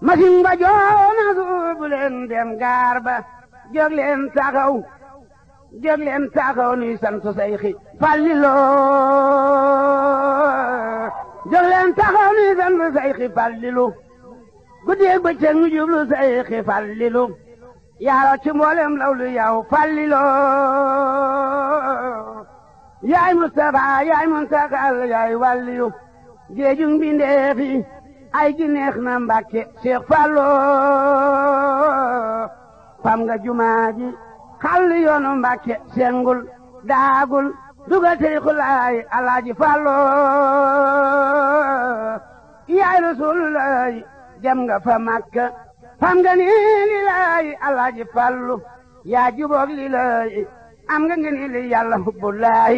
masin ba joona suubu leen dem gaar ba jóg leen taxaw jóg leen taxaw nuy sant Seyxi Fàllilu jóg leen taxaw nuy sant Seyxi Fàllilu guddeeg bëccëg nu jublu Seyxi Fàllilu yaaro ci mboolem lawlu yow Fàllilu yaay Mustafa yaay Muntakal yaay wàlliyu géejug mbindeef yi ay ji na mbàkke Seex Fallu fam nga jumaa ji xàll yoonu mbàkke sengul daagul dugal tariku laay alaaji Fallu yaay rasulullaay dem nga fa Makka fam nga ni li laay Fallu yaa juboog li am nga nga ni li yàlla hubbulaay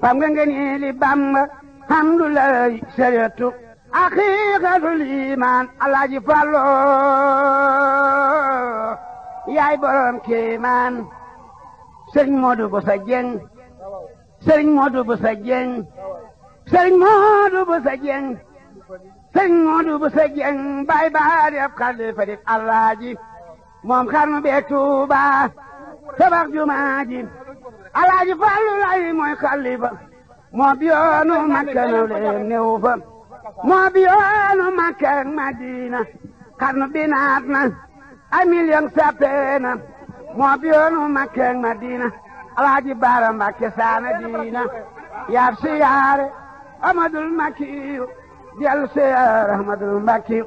fam nga nga ni li Bàmba hamdulaay sareetu aqiqatul iman alaaji Fallu yaay borom kéemaan sëriñ Modou Bousso Dieng sëriñ Modou Bousso Dieng sëriñ Modou Bousso Dieng sëriñ Modou Bousso Dieng bay moom xarnu bee Tuuba tabax jumaa ji alaaji lay mooy xalifa moo biyoonu makka naw leen néew fa moo bi yoonu Makka ak Madina ay million sappee moo bi yoonu Makka ak Madina Alaaji Baara saana diina yaab siyaare Amadul Makkiyu del siyaare Amadul Makkiyu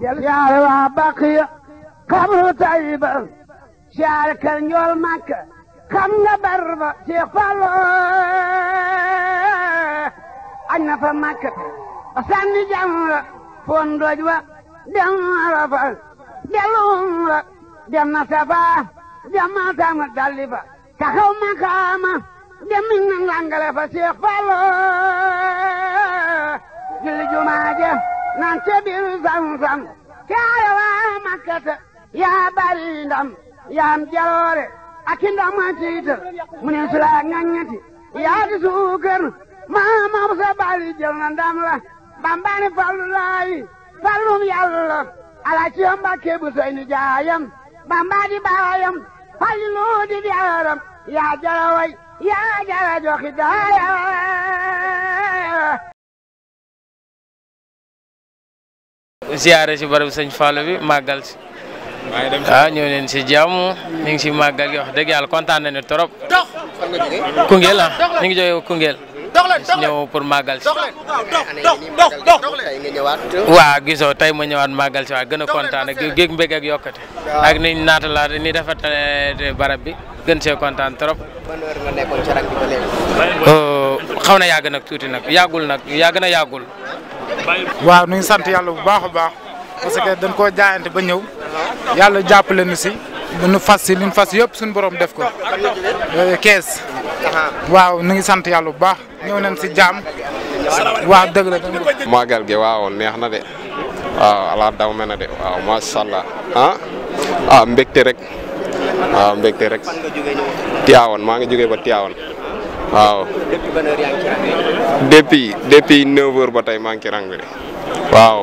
del siyaare waa Baqiya xabru Tayiba siyaare kër njool Makka xam nga barba Seex Fallu añ na fa Makka sànni jam la fon doj wa dem Arafat delum la dem na Safa dem Matam dalli fa taxaw makaama dem na langale fa Seex Fallu julli jumaa ja naan ca biir kaaya waa Makkata yaa bari ndam yaa am jaloore ndam a tiital mu ne su laa ngañati suukar maa moom bari jël na ndam la bambani fallu laayi fallum yàlla alaci yam mbàkke bu soy ni jaayam bamba di di jaaram yaa jara way yaa jara joxi daaya ziyaare si barab sëñ Fallou bi màggal si waaw ah, ñëw leen si jàmm ñu ngi si màggal gi wax dëgg yàlla kontaan nañu trop Koungheul ah ñu ngi jógee ñëw pour màggal si. waaw gisoo tey ma ñëwaat màggal si waaw gën a kontaan ak géeg mbég ak yokkate. ak ni naatalaate ni dafa barab bi gën see kontaan trop. Oh, xaw na yàgg nag tuuti nag yàggul nag yàgg na yàggul. waa nu sant yàlla bu baax a baax parce que dañ koo jaayante ba ñëw yàlla jàppale nu si nu fas si liñ fas yëpp suñu borom def ko euh, kees. waaw ñu ngi sant yàlla bu baax ñëw nañ si jaam. waaw dëgg la dëgg màggal gi waaw neex na de waaw ala daw me na de waaw macha allah ah ah rek waaw mbégte rek Tivaouane maa ngi jógee ba Tivaouane waaw. depuis depuis 9 ba tey maa ngi ci rang waaw.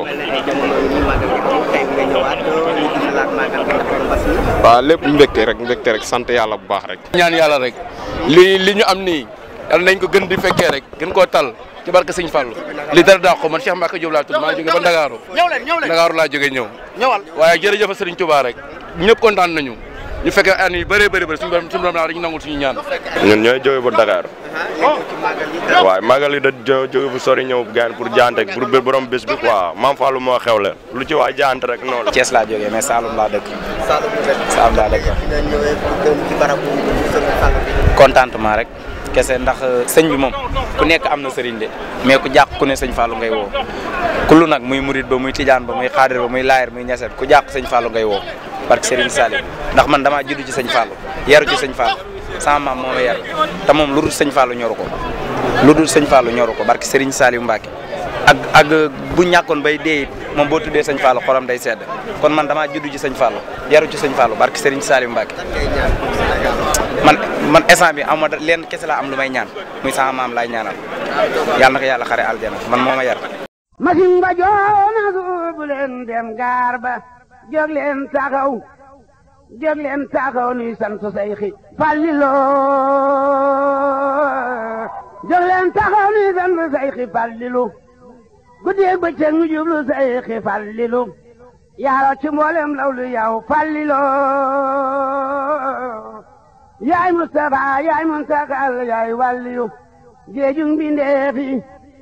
waaw lépp mbégte rek mbégte rek sant yàlla bu baax rek. ñaan yàlla rek li li ñu am ni yàlla nañ ko gën di fekkee rek gën koo tal ci barke Sëñ Fallu li dara daa ko man Cheikh a Diop laa tudd maa jóge ba Ndakaaru Ndakaaru laa jóge ñëw. ñëwal waaye jërëjëf Sëriñ Tuubaa rek ñëpp kontaan nañu ñu fekkee an yu bëree bëri bëri suñu borom suñu borom nangul suñu ñaan. ñun ñooy bu ba Dakar. Uh-huh. waaw màggal yi da jóge bu sori ñëw gaan pour jaanteeg pour borom bés bi quoi maam Fallou moo xew la lu ci waa jaante rek noonu la. Thiès laa jógee mais laa dëkk. Saloum laa dëkk Saloum laa rek. kese ndax euh, señ bi moom ku nekk am na sëriñ de mais ku jàq ku ne sëñ Fallou ngay woo kullu nag muy murit ba muy tijaan ba muy xaadir ba muy laayir muy ñaseet ku jàq sëñ Fallou ngay woo parce que sëriñ Salim ndax man damaa juddu ci sëñ Fallou yaru ci sëñ Fallou sama ma yar te moom lu sëñ Fallou ñoru ko lu dul sëñ Fallou ñoru ko barke sëriñ Salim Mbacke ak ak euh, bu ñàkkoon bay dee moom boo tuddee sëñ Fallou xolam day sedd kon man damaa juddu ci sëñ Fallou yaru ci sëñ Fallou barke sëriñ Salim Mbacke man man instant bi am ma leen lu may ñaan muy sama maam laay ñaanal yàlla na ko yàlla xare aljana man moo ma yar masin joona suubu dem gaar ba leen taxaw jóg leen taxaw nuy sant Seyxi Fallilo jóg leen taxaw nuy sant Seyxi Fallilu guddeeg bëccëg ñu jublu Seyxi Fallilu yaaro ci mboolem law lu yow Fallilo yaay Mustapha yaay Muntakal yaay wàlliyu géejug mbindeef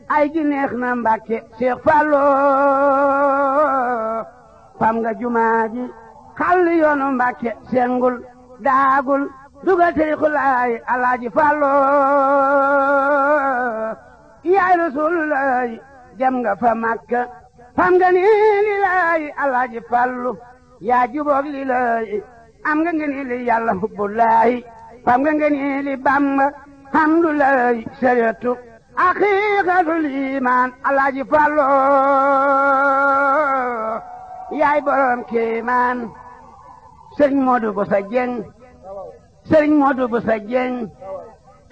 ay gi neex na Mbàkke Cheikh Fallo fam nga jumaa ji xàll yoonu daagul dugal tariixul ay alaaji yaay Rasulullaay jam nga fa Makka fam nga ni lilaay alaaji Fallu yaa juboog lilaay am nga ngeen li yàlla hubbulaahi fam nga ngeen li bàmba hamdulaahi sariyatu aqiiqatul iimaan alaaji Fallu yaay borom kéemaan sëriñ Moodu bu sa Moodu bu sa jeng sëriñ Moodu bu sa jeng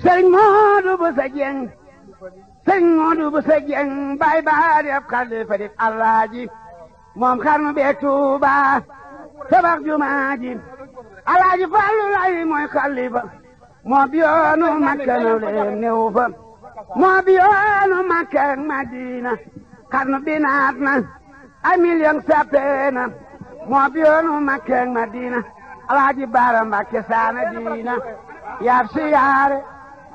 sëriñ Moodu bu sa jeng bay baa ab xalifa di moom xarnu bee Tuuba tabax jumaa alaaji Fallu lay mooy xalifa moo bi yoonu Makka leen néew moo bi yoonu Makka ak Madina na ay million sappeena moo bi yoonu Makka alaaji Baara Mbàkke saana diina yaab siyaare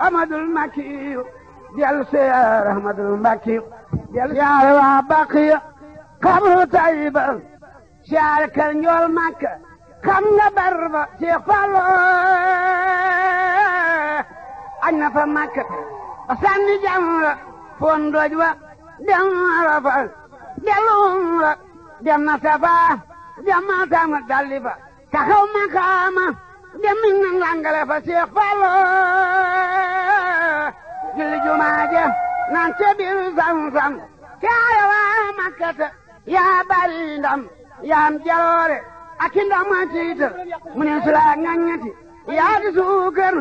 amadul makkiyu dellu siyaare amadul makkiyu dellu siyaare waa baqiya xabru tayiba siyaare kër njool Makka xam nga barba Cheikh Fallu añ na fa màkk ba sànni jamra foon doj wa dem Arafa dellu umra dem na Safa dem Matam dalli fa taxaw makaama dem mi na langale fa Cheikh julli jumaa ja naan sam-sam kaaya waa yaa bari ndam yaam jaloore ak i tiital mu ne su la ŋaŋati yaati suukar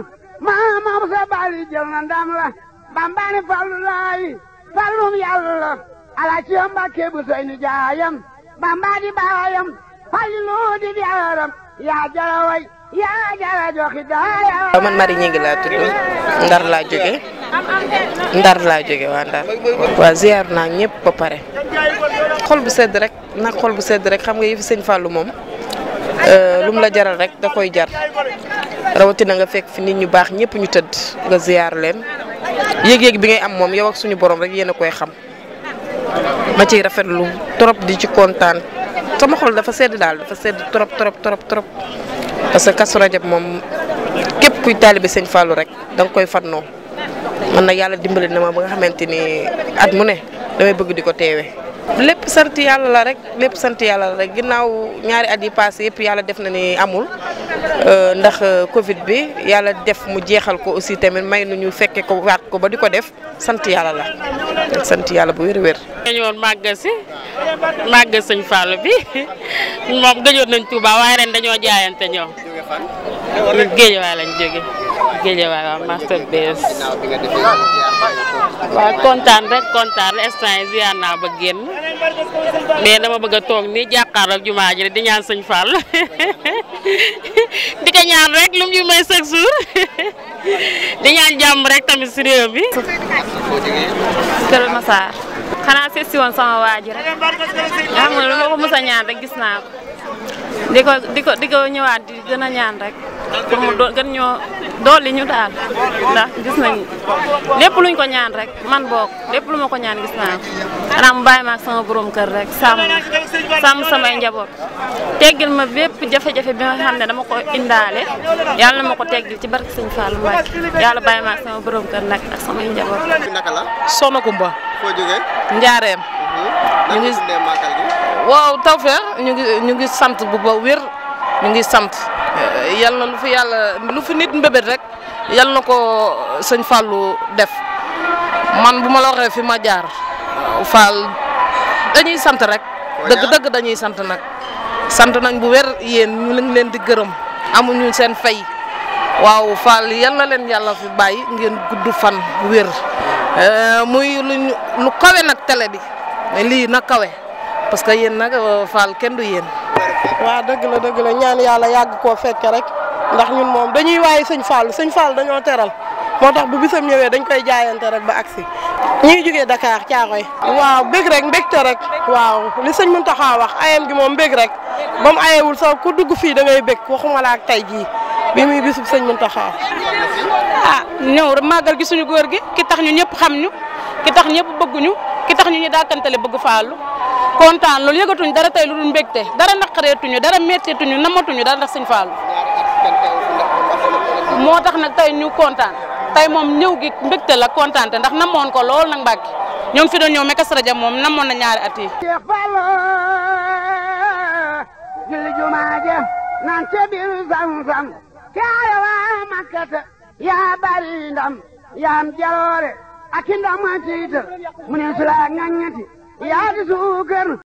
maa maam sa bali jël na ndam la bambaani fallu laayi fallum yàlla ala ci yom Mbàkke ni jaayam bamba baayam fallu di jaaram yaa jara yaa jara joxi daaya man Marie Gningue laa tudd Ndar laa jóge Ndar laa jóge waa Ndar waa ziar naa ñëpp ba xol bu sedd rek nag xol bu sedd rek xam nga yëfi seen Fallou moom Euh, lu mu la jaral rek da koy jar rawatina nga fekk fi nit ñu baax ñëpp ñu tëdd nga ziyaar leen yéeg-yéeg bi ngay am moom yow ak suñu borom rek yéen a koy xam ma ciy rafetlu trop di ci kontaan sama xol dafa sedd daal dafa sedd trop trop trop trop parce que Kazu Rajab moom képp kuy taalibe Sëñ Fallou rek da nga koy fannoo man na yàlla dimbali na ma ba nga xamante ni at mu ne damay bëgg di ko teewee. lépp sant yàlla la rek lépp sant yàlla la rek ginnaaw ñaari at yi passé yëpp yàlla def na ni amul euh, ndax euh, Covid bi yàlla def mu jeexal ko aussi tamit may nu ñu fekke ko waat ko ba di ko def sant yàlla la sant yàlla bu wér-wér. ñëwoon màggal si màgg sëñ Fall bi moom gëjoon nañ Touba waaye ren dañoo jaayante ñëw. géej waaye lañ jóge Guédiawaye waaw master base waaw kontaan rek kontaan instant ziar naa ba génn mais dama bëgg a toog nii jàkkaarloo ak jumaa ji di ñaan sëñ Fall di ko ñaan rek lu mu ñu may chaque di ñaan jàmm rek tamit si réew bi Kër Massar xanaa seet si woon sama waa ji rek xam ah, nga lu ma ko mës a ñaan rek gis naa ko di ko di ko ñëwaat di gën a ñaan rek pour mu doon gën ñoo dolli ñu daal ndax gis nañ luñ ko ñaan rek man boog lépp lu ma ko ñaan gis naa ko xanaa mu bàyyi ma ak sama borom kër rek sàmm sàmm samay njaboot teggil ma bépp jafe-jafe bi nga xam ne dama ko indaale yàlla ma ko teggil ci barke sëñ Fallou Mbacke yàlla bàyyi ma ak sama borom kër nag ak samay njaboot. naka la Soxna Kumba. foo jógee. Njaareem. Mhm. ñu ngi waaw sant bu ba wér ñu ngi sant. yal na lu fi yàlla lu fi nit mbébét rek yal na ko sëñ Fallou def man bu ma la fi ma jaar Fall dañuy sant rek. dëgg-dëgg dañuy sant nag. sant nañ bu wér yéen ñu leen di gërëm amuñu seen fay waaw Fall yal na leen yàlla fi bàyyi ngeen gudd fan wér eh, muy luñ lu kawe nag télé bi lii na kawe parce que yéen nag kenn du yéen. waaw dëgg la dëgg la ñaan yàlla yàgg koo fekke rek ndax ñun moom dañuy waaye sëñ Fallou sëñ Fallou dañoo teral moo tax bu bisam ñëwee dañ koy jaayante rek ba agsi ñuy jógee Dakar caaxoy waaw bég rek mbégte rek waaw li sëñ Mountakha wax ayam gi moom bég rek ba mu ayewul sax ku dugg fii dangay ngay bég waxuma la jii bi muy bisub sëñ Mountakha ah ñëw rek màggal gi suñu góor gi ki tax ñu ñëpp xam ñu ki tax ñëpp bëgguñu ki tax ñu ñu dàkkantale bëgg Fallou kontaan loolu yëgatuñ dara tey lu dul mbégte dara naqareetuñu dara metteetuñu namatuñu dara ndax sëñ Fallou moo tax nag tey ñu kontaan tey moom ñëw gi mbégte la kontaan te ndax namoon ko lool na Mbàkke ñoo ngi fi doon ñëw Saraja moom namoon na ñaari at yi julli jumaa ja naan ca biir Zamzam kaaya waa Makkata yaa bari ndam jaloore ak i a tiital mu ne su laa ŋaññati yaa di suukar